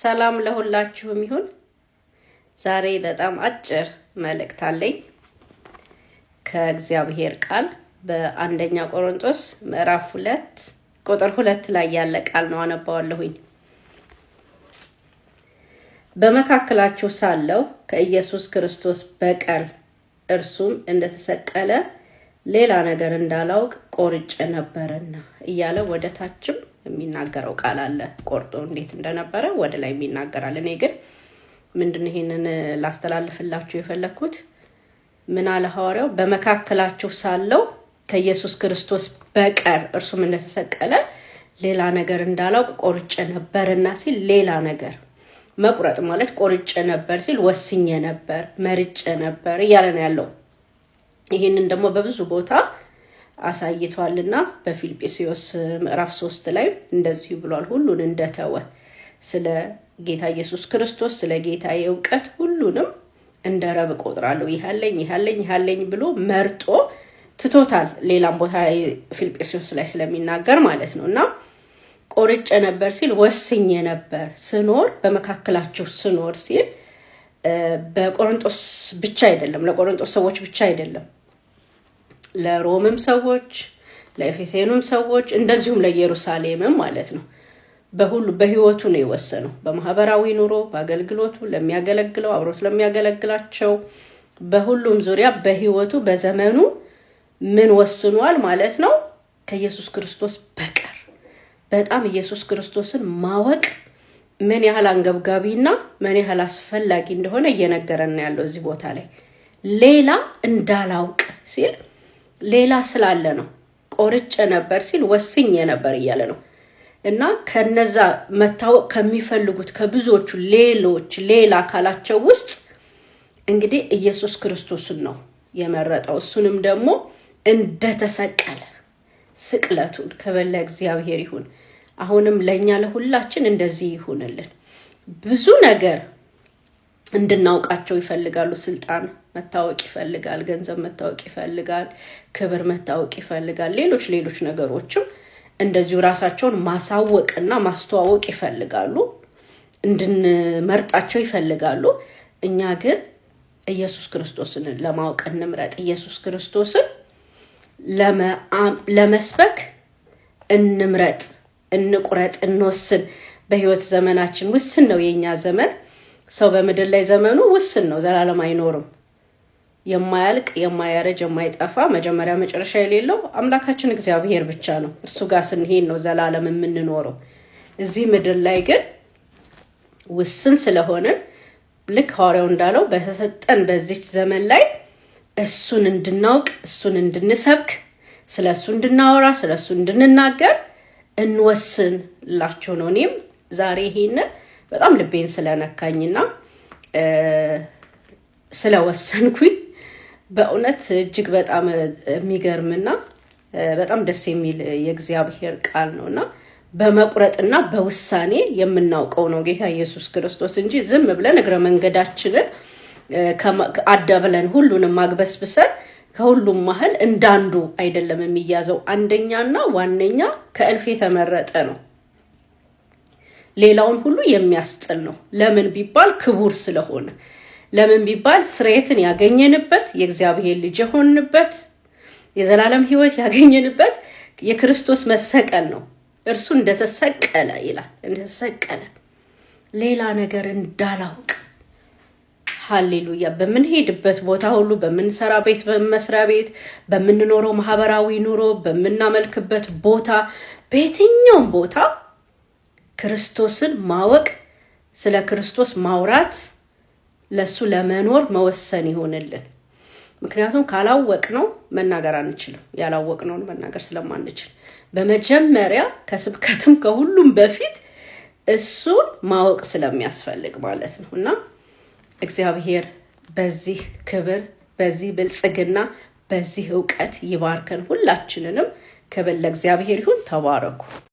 ሰላም ለሁላችሁም ይሁን። ዛሬ በጣም አጭር መልእክት አለኝ ከእግዚአብሔር ቃል በአንደኛ ቆሮንቶስ ምዕራፍ ሁለት ቁጥር ሁለት ላይ ያለ ቃል ነው። አነባዋለሁኝ። በመካከላችሁ ሳለው ከኢየሱስ ክርስቶስ በቀር እርሱም እንደተሰቀለ ሌላ ነገር እንዳላውቅ ቆርጬ ነበረና እያለ ወደ ታችም የሚናገረው ቃል አለ። ቆርጦ እንዴት እንደነበረ ወደ ላይ የሚናገራል እኔ ግን ምንድን ይሄንን ላስተላልፍላችሁ የፈለግኩት ምን አለ ሐዋርያው በመካከላችሁ ሳለው ከኢየሱስ ክርስቶስ በቀር እርሱም እንደተሰቀለ ሌላ ነገር እንዳላውቅ ቆርጭ ነበርና ሲል ሌላ ነገር መቁረጥ ማለት ቆርጭ ነበር ሲል ወስኜ ነበር፣ መርጬ ነበር እያለ ነው ያለው። ይህንን ደግሞ በብዙ ቦታ አሳይቷልና በፊልጵስዩስ ምዕራፍ ሶስት ላይ እንደዚሁ ብሏል ሁሉን እንደተወ ስለ ጌታ ኢየሱስ ክርስቶስ ስለ ጌታ እውቀት ሁሉንም እንደ ረብ ቆጥራለሁ ይሃለኝ ይሃለኝ ይሃለኝ ብሎ መርጦ ትቶታል ሌላም ቦታ ፊልጵስዩስ ላይ ስለሚናገር ማለት ነው እና ቆርጬ ነበር ሲል ወስኜ ነበር ስኖር በመካከላቸው ስኖር ሲል በቆሮንጦስ ብቻ አይደለም ለቆሮንጦስ ሰዎች ብቻ አይደለም ለሮምም ሰዎች ለኤፌሴኑም ሰዎች እንደዚሁም ለኢየሩሳሌምም ማለት ነው። በሁሉ በህይወቱ ነው የወሰነው። በማህበራዊ ኑሮ፣ በአገልግሎቱ፣ ለሚያገለግለው አብሮት ለሚያገለግላቸው በሁሉም ዙሪያ በህይወቱ በዘመኑ ምን ወስኗል ማለት ነው? ከኢየሱስ ክርስቶስ በቀር በጣም ኢየሱስ ክርስቶስን ማወቅ ምን ያህል አንገብጋቢና ምን ያህል አስፈላጊ እንደሆነ እየነገረን ያለው እዚህ ቦታ ላይ ሌላ እንዳላውቅ ሲል ሌላ ስላለ ነው ቆርጬ ነበር ሲል ወስኜ ነበር እያለ ነው። እና ከነዛ መታወቅ ከሚፈልጉት ከብዙዎቹ ሌሎች ሌላ አካላቸው ውስጥ እንግዲህ ኢየሱስ ክርስቶስን ነው የመረጠው። እሱንም ደግሞ እንደተሰቀለ ስቅለቱን ከበለ እግዚአብሔር ይሁን። አሁንም ለእኛ ለሁላችን እንደዚህ ይሁንልን ብዙ ነገር እንድናውቃቸው ይፈልጋሉ። ስልጣን መታወቅ ይፈልጋል፣ ገንዘብ መታወቅ ይፈልጋል፣ ክብር መታወቅ ይፈልጋል። ሌሎች ሌሎች ነገሮችም እንደዚሁ ራሳቸውን ማሳወቅና ማስተዋወቅ ይፈልጋሉ። እንድንመርጣቸው ይፈልጋሉ። እኛ ግን ኢየሱስ ክርስቶስን ለማወቅ እንምረጥ። ኢየሱስ ክርስቶስን ለመስበክ እንምረጥ፣ እንቁረጥ፣ እንወስን። በህይወት ዘመናችን ውስን ነው የእኛ ዘመን ሰው በምድር ላይ ዘመኑ ውስን ነው፣ ዘላለም አይኖርም። የማያልቅ የማያረጅ የማይጠፋ መጀመሪያ መጨረሻ የሌለው አምላካችን እግዚአብሔር ብቻ ነው። እርሱ ጋር ስንሄድ ነው ዘላለም የምንኖረው። እዚህ ምድር ላይ ግን ውስን ስለሆንን ልክ ሐዋርያው እንዳለው በተሰጠን በዚች ዘመን ላይ እሱን እንድናውቅ እሱን እንድንሰብክ ስለ እሱ እንድናወራ ስለ እሱ እንድንናገር እንወስንላችሁ ነው። እኔም ዛሬ ይሄንን በጣም ልቤን ስለነካኝና ስለወሰንኩኝ በእውነት እጅግ በጣም የሚገርምና በጣም ደስ የሚል የእግዚአብሔር ቃል ነው እና በመቁረጥና በውሳኔ የምናውቀው ነው ጌታ ኢየሱስ ክርስቶስ እንጂ ዝም ብለን እግረ መንገዳችንን አዳብለን ሁሉንም ማግበስብሰን ከሁሉም መሀል እንዳንዱ አይደለም የሚያዘው። አንደኛና ዋነኛ ከእልፍ የተመረጠ ነው። ሌላውን ሁሉ የሚያስጥል ነው። ለምን ቢባል ክቡር ስለሆነ፣ ለምን ቢባል ስርየትን ያገኘንበት የእግዚአብሔር ልጅ የሆንንበት የዘላለም ሕይወት ያገኘንበት የክርስቶስ መሰቀል ነው። እርሱ እንደተሰቀለ ይላል፣ እንደተሰቀለ ሌላ ነገር እንዳላውቅ። ሀሌሉያ! በምንሄድበት ቦታ ሁሉ በምንሰራ ቤት፣ በመስሪያ ቤት፣ በምንኖረው ማህበራዊ ኑሮ፣ በምናመልክበት ቦታ፣ በየትኛውም ቦታ ክርስቶስን ማወቅ ስለ ክርስቶስ ማውራት ለሱ ለመኖር መወሰን ይሆንልን። ምክንያቱም ካላወቅ ነው መናገር አንችልም። ያላወቅ ነውን መናገር ስለማንችል በመጀመሪያ ከስብከትም ከሁሉም በፊት እሱን ማወቅ ስለሚያስፈልግ ማለት ነው እና እግዚአብሔር በዚህ ክብር፣ በዚህ ብልጽግና፣ በዚህ እውቀት ይባርከን። ሁላችንንም ክብር ለእግዚአብሔር ይሁን። ተባረኩ።